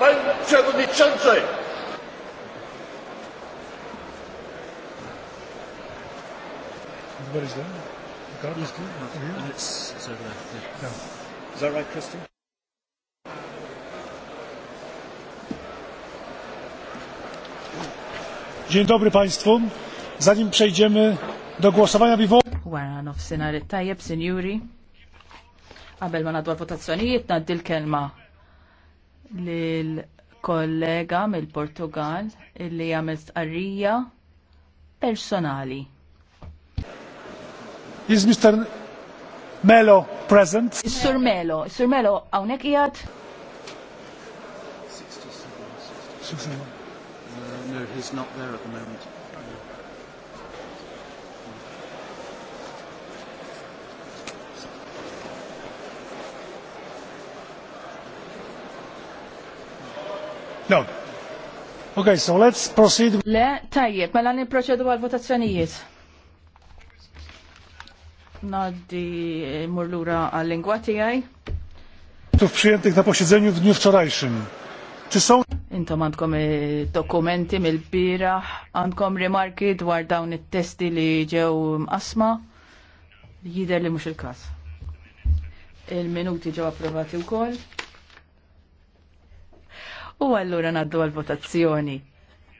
Pan Przewodniczący! What is that? The card is good? Yeah. And it's, it's over there. Yeah. Yeah. Is that right, Christy? Dzień dobry Państwu. Zanim przejdziemy do głosowania wywołu... Wara nofsinari tajjeb, sinjuri. Qabel ma nadwa votazzjoni, naddi l-kelma lill-kollega mill-Portugal illi jagħmel stqarrija personali. Is Mr. Melo present? Is-Sur Melo, Is-Sur Melo hawnhekk qiegħed? Uh, no, he's not there at the moment. No. Okay, so let's proceed. Le, tajjeb, mela niproċedu għal votazzjonijiet. Naddi eh, murlura għal lingwati għaj. Tu przyjętych ta' posiedzeniu d-dnju wczorajszym. Tisaw? Intom għandkom eh, dokumenti mill-biraħ, għandkom rimarki dwar dawn it-testi li ġew asma, jider li mux il kas Il-minuti ġew approvati u wkoll u allura naddu għal-votazzjoni.